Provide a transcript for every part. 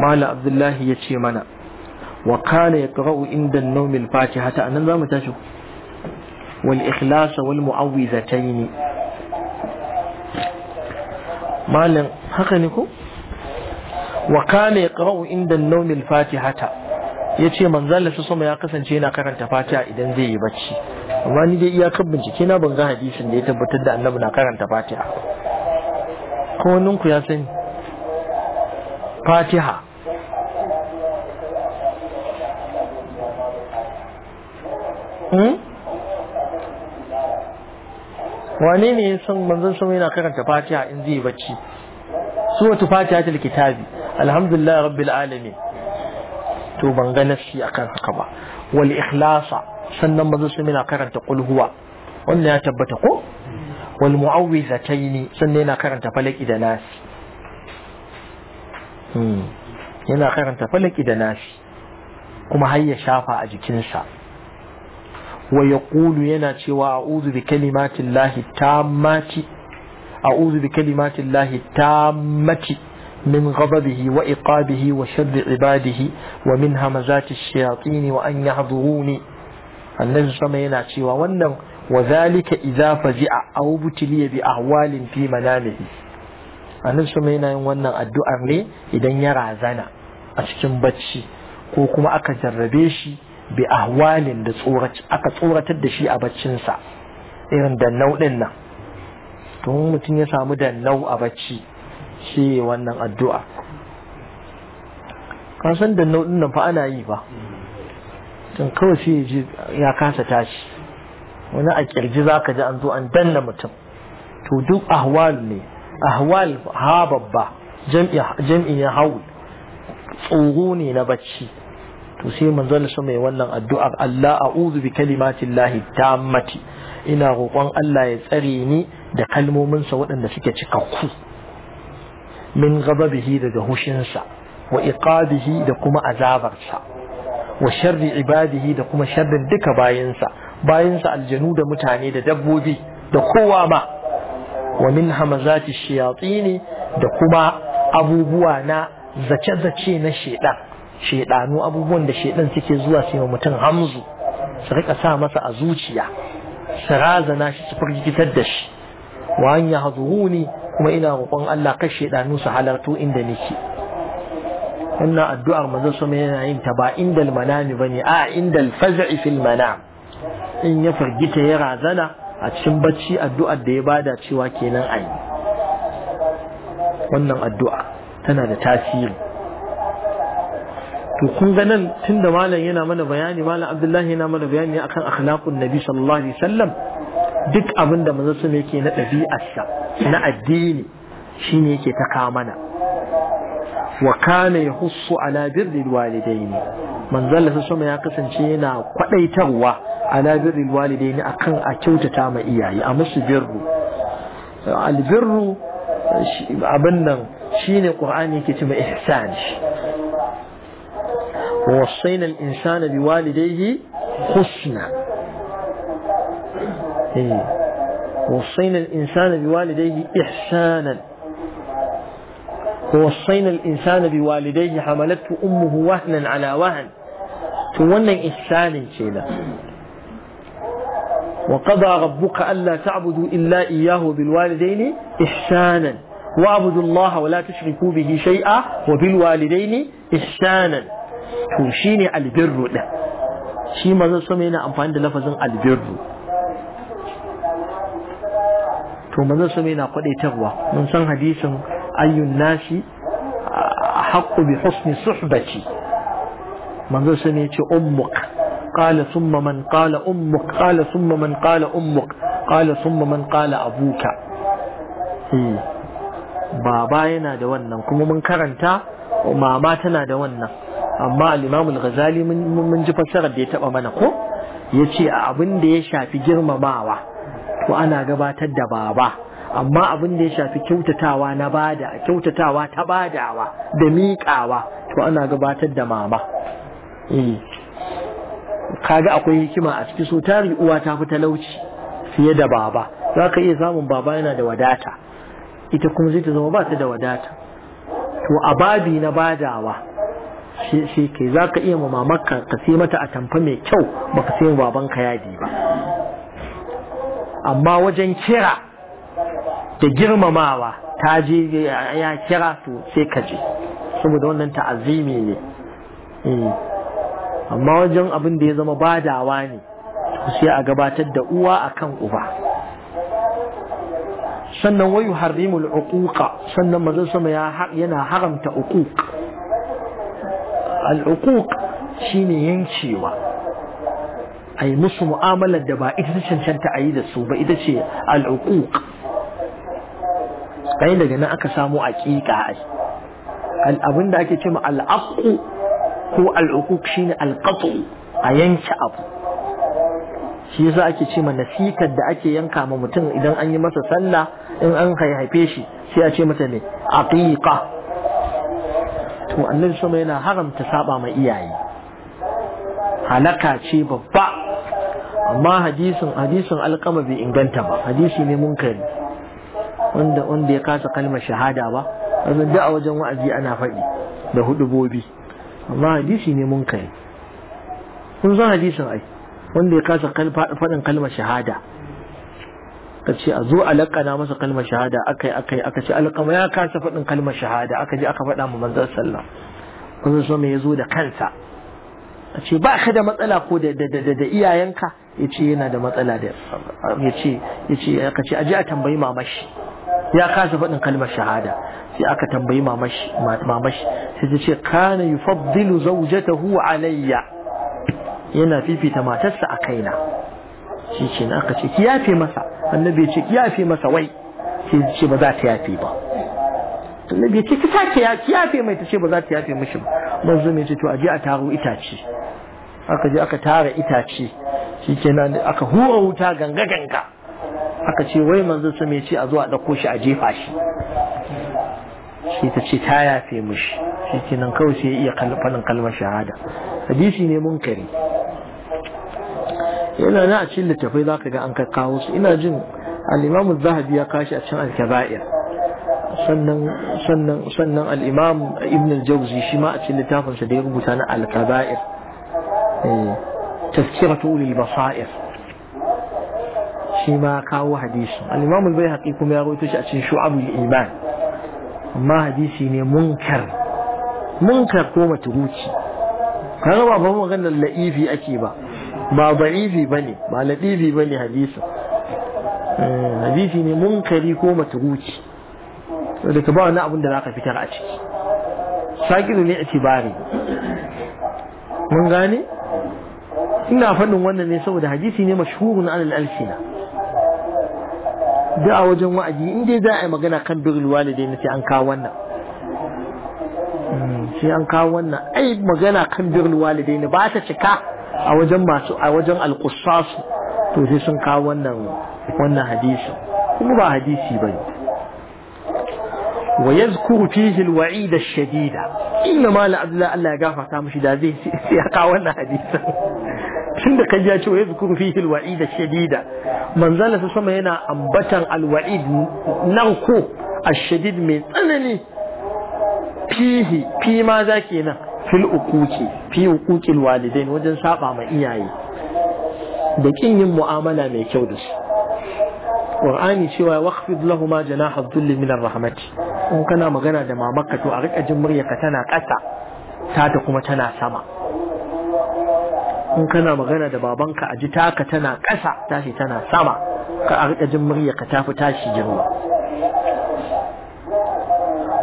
mala abdullahi ya ce mana wa kana ya ƙara'u inda nomin fatiha ta anan za mu tashi wal ikhlasa yi ne. malam haka ne ku? wa kana ya ƙara'u inda nomin fatiha ta ya ce manzala su sama ya kasance yana karanta fatiha idan zai yi bacci amma ni dai iyakar bincike na ban ga hadisin da ya tabbatar da annabi na karanta fatiha ko ku ya sani fatiha wane ne ya san manzon sama yana ta fatiha in zai bacci su suratu fatiha ta kitabi alhamdulillah rabbil alamin to ban ga nafsi akan haka ba wal ikhlasa sannan manzon sama yana karanta qul huwa wannan ya tabbata ko wal mu'awwizataini sannan yana karanta falaki da nasi yana karanta falaki da nasi kuma har ya shafa a jikinsa ويقول ينا شوى أعوذ بكلمات الله التامات أعوذ بكلمات الله التامة من غضبه وإقابه وشر عباده ومن همزات الشياطين وأن يحضروني النجس ما ينا عليه وسلم وذلك إذا فجع أو بتلي بأحوال في منامه النبي صلى الله عليه وسلم وأنه الدعاء إذا يرى زنا أشكم بتشي ko kuma aka jarrabe shi bi ahwalin da aka tsoratar da shi a baccinsa irin dannau ɗin nan to mutum ya samu dannau a bacci shi wannan addu'a kasan dannau ɗin nan fa ana yi ba tun kawai sai ji ya kasa tashi wani a kirji za ka ji an zo an danna mutum to duk ahwal ne ahwal ha babba jam'i ya haul tsoro ne na bacci to sai su mai wannan addu'ar Allah a'udhu bi kalimatillahi tammati ina roƙon Allah ya tsare ni da kalmominsa waɗanda suke cikakku min ghadabihi daga hushinsa wa iqabihi da kuma azabarsa wa sharri ibadihi da kuma sharrin duka bayinsa bayinsa aljanu da mutane da dabbobi da kowa ma wa min hamazati shayatini da kuma abubuwa na zace-zace na shedan shedanu abubuwan da shedan suke zuwa sai yi mutum hamzu su rika sa masa a zuciya su razana shi su firgitar da shi wa an yahduruni kuma ina roƙon Allah kar shedanu su halartu inda nake wannan addu'ar manzon sama yana yin ta ba indal manami bane a indal faz'i fil manam in ya furgita ya razana a cikin bacci addu'ar da ya bada cewa kenan ai wannan addu'a tana da tasiri to kun ga nan tunda malam yana mana bayani malam abdullahi yana mana bayani akan akhlaqun nabi sallallahu alaihi wasallam duk abin da manzo sun yake na dabi'ar sa na addini shine yake ta kawo mana wa kana yahussu ala birri walidaini manzo Allah sama ya kasance yana kwadaitarwa ala birri walidaini akan a kyautata ma iyaye a musu birru al birru abin nan shine qur'ani yake cewa ihsan ووصينا الإنسان بوالديه حسنا إيه. ووصينا الإنسان بوالديه إحسانا ووصينا الإنسان بوالديه حملته أمه وهنا على وهن تونا إحسان كذا وقضى ربك ألا تعبدوا إلا إياه بالوالدين إحسانا واعبدوا الله ولا تشركوا به شيئا وبالوالدين إحسانا to shine albirru din shi so sama yana amfani da lafazin albirru to so sama yana kwadaitarwa mun san hadisin ayyun nasi haqqu bi husni suhbati so sama yace ummuk qala ثم man qala ummuk qala ثم man qala ummuk qala ثم man qala abuka eh, baba yana da wannan kuma mun karanta mama tana da wannan amma al-imamul ghazali mun ji fassarar da ya taba mana ko ya ce abin da ya shafi girmamawa to ana gabatar da baba amma abin da ya shafi kyautatawa na bada kyautatawa ta badawa da miƙawa to ana gabatar da mama eh. kaga akwai hikima a cikin so tari uwa ta fi talauci fiye da baba za ka iya samun baba yana da wadata ita kuma zai ta zama ba ta da wadata to a babi na badawa shi ke za ka iya mamakka ka sai mata a tamfa mai kyau ba ka sai babanka yadi ba amma wajen kira da girmamawa ta je ya kira to sai ka je saboda wannan ta'azimi ne eh. amma wajen abin da ya zama badawa ne Ku sai a gabatar da uwa a kan uba sannan wayu harrimul uquqa sannan mazan sama yana haramta uquq العقوق شيني ينشيوا أي مش مؤاملة دبا إذا شنشن تعيد السوبة إذا شيء العقوق قيل لنا أكسامو أكيكا قال أبن داكي تم هو العقوق شيني القطو أينش أبو shi yasa ake ce ma nasikar da ake yanka ma mutum idan an yi masa sallah in an haife to annabi sama yana haramta saba ma iyaye halaka ce babba amma hadisin hadisin alkama bai inganta ba hadisi ne munkari wanda wanda ya kasa kalmar shahada ba wannan da a wajen wa'azi ana faɗi da hudubobi amma hadisi ne munkari kun san hadisin ai wanda ya kasa faɗin kalmar shahada ka ce a zo a laƙana masa kalmar shahada akai akai aka ce alƙama ya kasa faɗin kalmar shahada aka ji aka faɗa mu manzon sallah manzon sallah ya zo da kansa a ce ba ka da matsala ko da da iyayenka ya ce yana da matsala da ya ce ya ce aka ce aje a tambayi mamashi ya kasa faɗin kalmar shahada sai aka tambayi mamashi mamashi sai ta ce kana yufaddilu zawjatahu alayya yana fifita matarsa a kaina shi ce aka ce ki yafe masa annabi ya ce ki yafe masa wai ki ce ba za ta yafe ba annabi ya ce ki sake ya ki yafe mai ta ce ba za ta yafe mishi ba manzo mai ce to aje a taro itace aka je aka tara itace shikenan aka hura wuta ganga ganga aka ce wai manzo su mai ce a zo a dauko shi a jefa shi shi ta ce ta yafe mishi shikenan kawai sai ya iya kalfanin kalmar shahada hadisi ne munkari yana na a cikin littafai za ka ga an kawo su ina jin al'imamu zahabi ya kashi a cikin alkaba'ir sannan sannan sannan al'imam ibn al-jawzi shi ma a cikin littafinsa da ya rubuta na alkaba'ir tazkiratu ulil basair shi ma kawo hadisi al-imam al-baihaqi kuma ya rawaito shi a cikin shu'abul iman amma hadisi ne munkar munkar ko matruci kaga ba ba maganar la'ifi ake ba ba ba ne ba ba ne hadisa eh, hadisi ne munkari ko matruki da ka ba wani abin da za ka fitar a ciki sakiru ne itibari mun gane ina faɗin wannan ne saboda hadisi ne na alal alfina da a wajen wa'adi in dai za a yi magana kan birul walidai na sai an kawo wannan hmm, sai an kawo wannan ai magana kan birul walidai ne ba ta cika a wajen masu a wajen alƙusasu to sai sun kawo wannan wannan hadisi kuma ba hadisi ba wa yazkuru fihi alwa'id ash-shadida inna ma la'adla Allah ya gafarta mishi da zai sai ya kawo wannan hadisin tunda kai ya ce wa yazkuru fihi alwa'id ash-shadida manzala sa sama yana ambatan alwa'id nan ko ash-shadid mai tsanani fihi fi ma zake nan في الأقوك في أقوك الوالدين وجن ساقع ما إياي بكين المؤاملة ميكودس قرآني سوى واخفض لهما جناح الظل من الرحمة وكنا مغنى دماء مكة وأغيق أجمرية كتنا كتا تادق متنا سما in kana magana da babanka a ji taka tana ƙasa tashi tana sama ka a riƙa jin murya ka tafi tashi jirma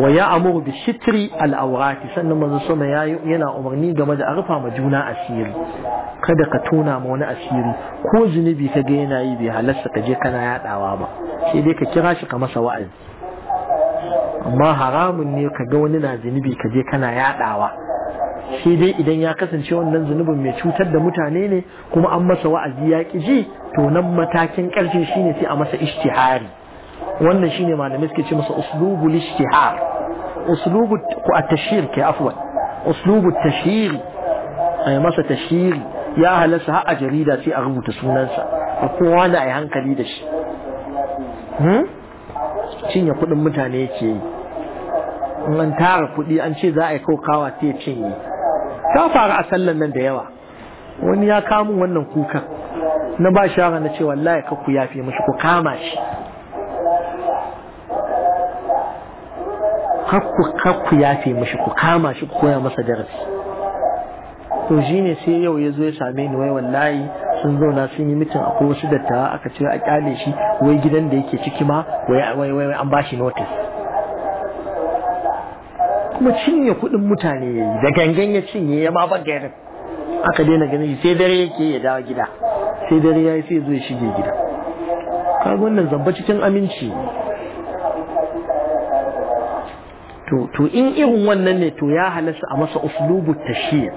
ويأمر بالستر الأوراق سنة من سنة ينا أمرني game da مجونا أسير ma juna مونا أسير كوزني tona ma wani asiri ko يا ka ga yana yi bai ما ka je kana نازني ba sai يا ka kira shi dai idan ya kasance wannan zunubin mai cutar da mutane ne kuma an masa wa'azi ya ki ji to nan matakin karshe shine sai a masa ishtihari wannan shine malamai suke ce masa uslubul ishtihar uslubu at-tashhir ke afwan uslubu at-tashhir ai masa tashiri ya halarsa har a jarida sai a rubuta sunansa a kowa na ai hankali da shi cinye kuɗin mutane ke yi in an tara kuɗi an ce za a yi kokawa ya cinye ta faru a sallan nan da yawa wani ya kamun wannan kukan na ba shara na ce wallahi ka ku yafe mashi ku kama shi kakku yafe mashi ku kama shi ku koya masa darasi to shi ne sai yau ya zo ya same ni wai wallahi sun zauna sun yi mitin akwai wasu dattawa aka ce a kyale shi wai gidan da yake ciki ma wai wai an bashi notice kuma cinye kuɗin mutane ya yi da gangan ya cinye ya ma yadda aka daina ganin sai dare yake ya dawo gida sai dare ya yi sai ya shige gida kaga wannan zamba cikin aminci to in irin wannan ne to ya halasta a masa uslubu tashiyar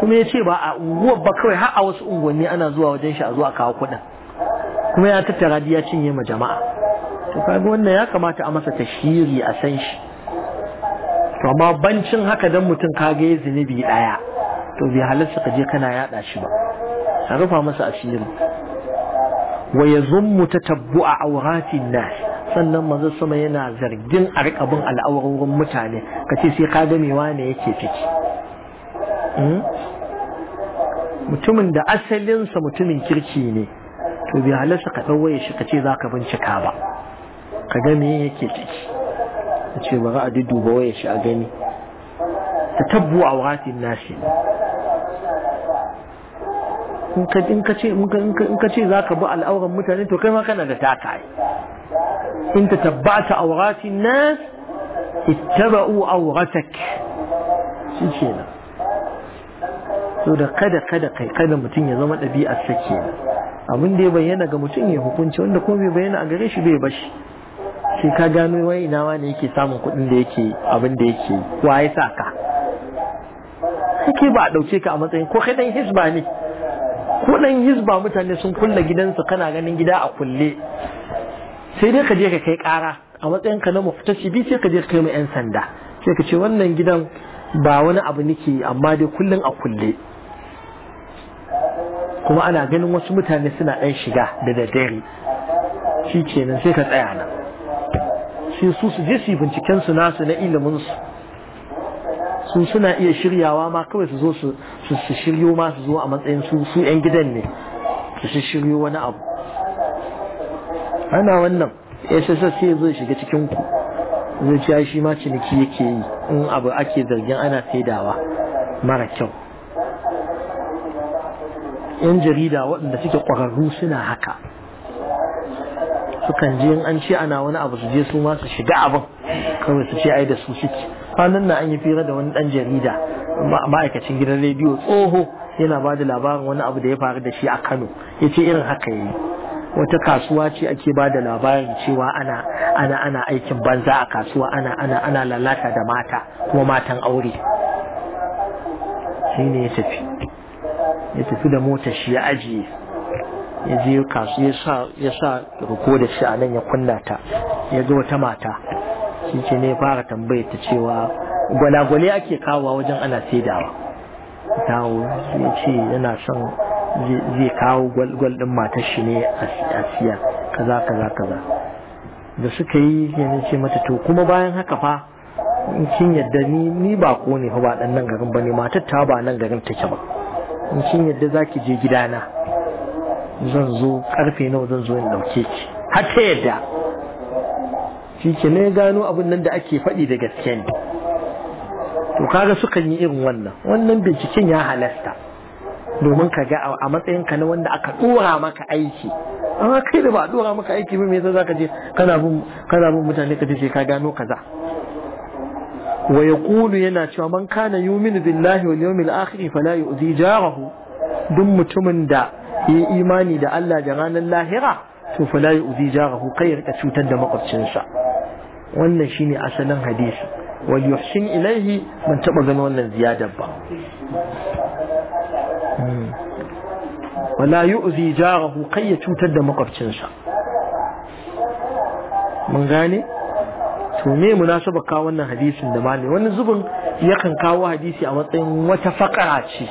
kuma ya ce ba a unguwar ba kawai har a wasu unguwanni ana zuwa wajen shi a zuwa kawo kuɗin kuma ya tattara ya cinye ma jama'a to kaga wannan ya kamata a masa tashiri a san shi to amma bancin haka dan mutum kaga ya zunubi ɗaya. to bai halarsa ka je kana yada shi ba a rufa masa asiri wa tabbu a auratin nasi sannan manzo sama yana zargin a rika mutane ka ce sai ka ga wane yake ciki hmm? mutumin da asalinsa mutumin kirki ne to bai halarsa ka ɗauwaye shi ka ce za ka bincika ba ka ga yake ciki ka ce bari a dudduba waye shi a gani ta tabbu a wuratin nashi in ka ce in ka zaka bi al'auran mutane to kai ma kana da taka in ta tabbata auratin nas ittaba'u auratak shi ce na. so da kada kada kai kada mutum ya zama ɗabi'ar sa na, abin da ya bayyana ga mutum ya hukunci wanda kuma bai bayyana a gare shi bai bashi sai ka gano wai ina wani yake samun kuɗin da yake abin da yake wa ya sa ka kake ba a ɗauke ka a matsayin ko kai dan hisba ne ko dan hizba mutane sun kulle gidansu kana ganin gida a kulle sai dai ka je ka kai kara a matsayin ka na bi sai ka je ka kai mu yan sanda sai ka ce wannan gidan ba wani abu nake amma dai kullun a kulle kuma ana ganin wasu mutane suna ɗan shiga da daddare shi kenan sai ka tsaya nan shi su su je su binciken su nasu na ilimin su su suna iya shiryawa ma kawai su zo su su shiryo ma su zo a matsayin su su 'yan gidan ne su shiryo wani abu ana wannan sss sai zo shiga cikin ku zuciya shi ma ciniki yake yi in abu ake zargin ana saidawa mara kyau yan jarida waɗanda suke ƙwararru suna haka sukan je in an ce ana wani abu su je su ma su shiga abin kawai su ce ai da su suke kwanan na an yi fira da wani ɗan jarida ma'aikacin gidan rediyo tsoho yana ba da labarin wani abu da ya faru da shi a kano ya ce irin haka ya yi wata kasuwa ce ake ba da labarin cewa ana ana aikin banza a kasuwa ana ana ana lalata da mata kuma matan aure shi ne ya tafi ya tafi da mota shi ya ajiye ya je kasu ya sa ya da shi a nan ya kunna ta ya zo wata mata shi ce ne fara tambayar ta cewa gwalagwale ake kawo wajen ana saidawa dawo ya ce yana son zai kawo gwal din matar shi ne a siya kaza kaza kaza da suka yi yana ce mata to kuma bayan haka fa in kin yadda ni ni ba ko ne fa ba dan nan garin bane matar ta ba nan garin take ba in kin yadda zaki je gidana zan zo karfe nawa zan zo in dauke ki har ta yadda shi ke ne gano abin nan da ake faɗi da gaske ne to kaga sukan yi irin wannan wannan binciken ya halasta domin ka ga a matsayin ka na wanda aka dora maka aiki amma kai da ba dora maka aiki ba me yasa zaka je kana bin bin mutane ka ce ka gano kaza wa Kulu yana cewa man kana yu'minu billahi wal yawmil akhir fala yu'zi jarahu duk mutumin da yi imani da Allah da ranar lahira to fala yu'zi jarahu kai ya cutar da makwabcinsa wannan shine asalin hadisi wal yuhsin ilaihi ban taba ganin wannan ziyadar ba wala yu'zi jarahu kai ya cutar da makwabcinsa mun gane to me munasaba ka wannan hadisin da malami wani zubin yakan kawo hadisi a matsayin wata fakara ce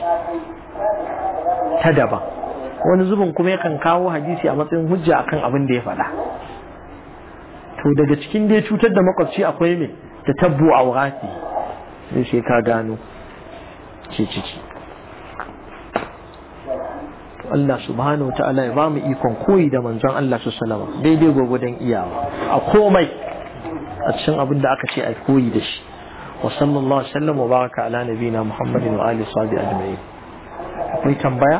ta daba wani zubin kuma yakan kawo hadisi a matsayin hujja akan abin da ya faɗa to daga cikin dai cutar da makwabci akwai me ta tabbu a aurati sai sai ka gano ce ce ce Allah subhanahu wa ta'ala ya ba mu ikon koyi da manzon Allah su salama daidai gwagwadon iyawa a komai a cikin abin da aka ce a koyi da shi wa sallallahu sallam wa baraka ala nabina muhammadin wa ali sabi ajma'in akwai tambaya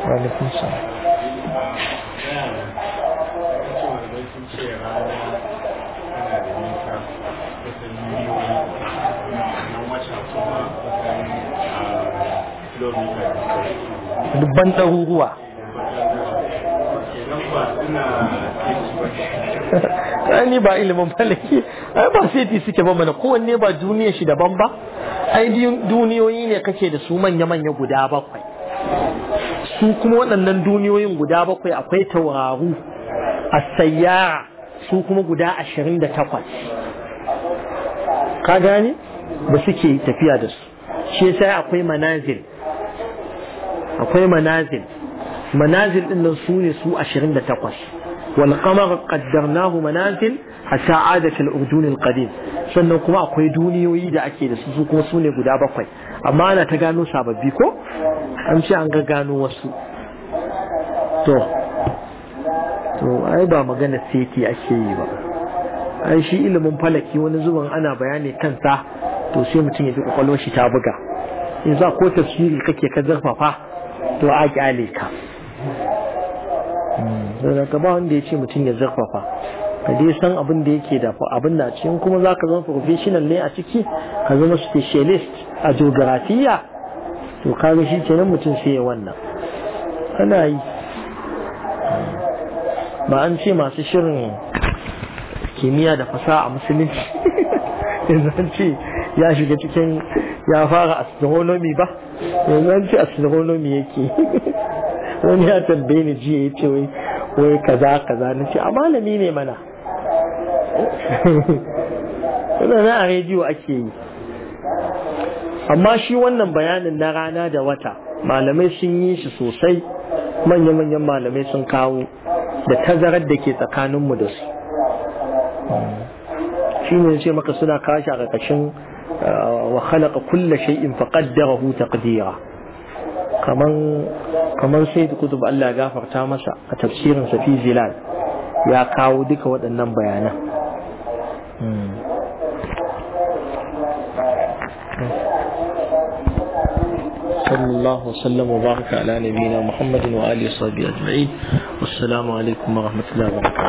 wa alaikum salam dubban ɗaruruwa ni ba ilimin malaki ai ba seti suke ba mana kowanne ba duniyar shi daban ba ai duniyoyi ne kake da su manya-manya guda bakwai su kuma waɗannan duniyoyin guda bakwai akwai tauraru a sayyara su kuma guda ashirin da takwas ka gani ba suke tafiya da su shi sai akwai manazil akwai manazil manazil din nan su ne su 28 wal qamar qaddarnahu manazil hatta ada kal urdun qadim sannan kuma akwai duniyoyi da ake da su su kuma su ne guda bakwai amma ana ta gano sababbi ko an ce an ga gano wasu to to ai ba magana seti ake yi ba ai shi ilimin falaki wani zuban ana bayani kansa to sai mutum ya ji kwakwalwar shi ta buga in za ko tafsiri kake ka zarfafa to a kyale ka hmm. da ka ba wanda ya ce mutum ya zarfafa ka dai san abin da yake da abin da cikin kuma za ka zama professional ne a ciki ka zama specialist a geografiya to kaga shi kenan mutum sai ya wannan ana yi ba an ce masu shirin kimiyya da fasaha a musulunci in zance. ya shiga cikin ya fara astronomy ba yanzu an ce astronomy yake wani ya tambaye ni jiya ya ce wai kaza kaza na ce a malami ne mana na a rediyo ake yi amma shi wannan bayanin na rana da wata malamai sun yi shi sosai manya-manyan malamai sun kawo da tazarar da ke tsakaninmu da su shi ne ce maka suna kashi a ƙarƙashin آه، وخلق كل شيء فقدره تقديرا كمان كمان سيد كتب الله غافر تامسا تفسير في زلال يا كاو ديك ودنن بيانا صلى الله وسلم وبارك على نبينا محمد وآله وصحبه أجمعين والسلام عليكم ورحمة الله وبركاته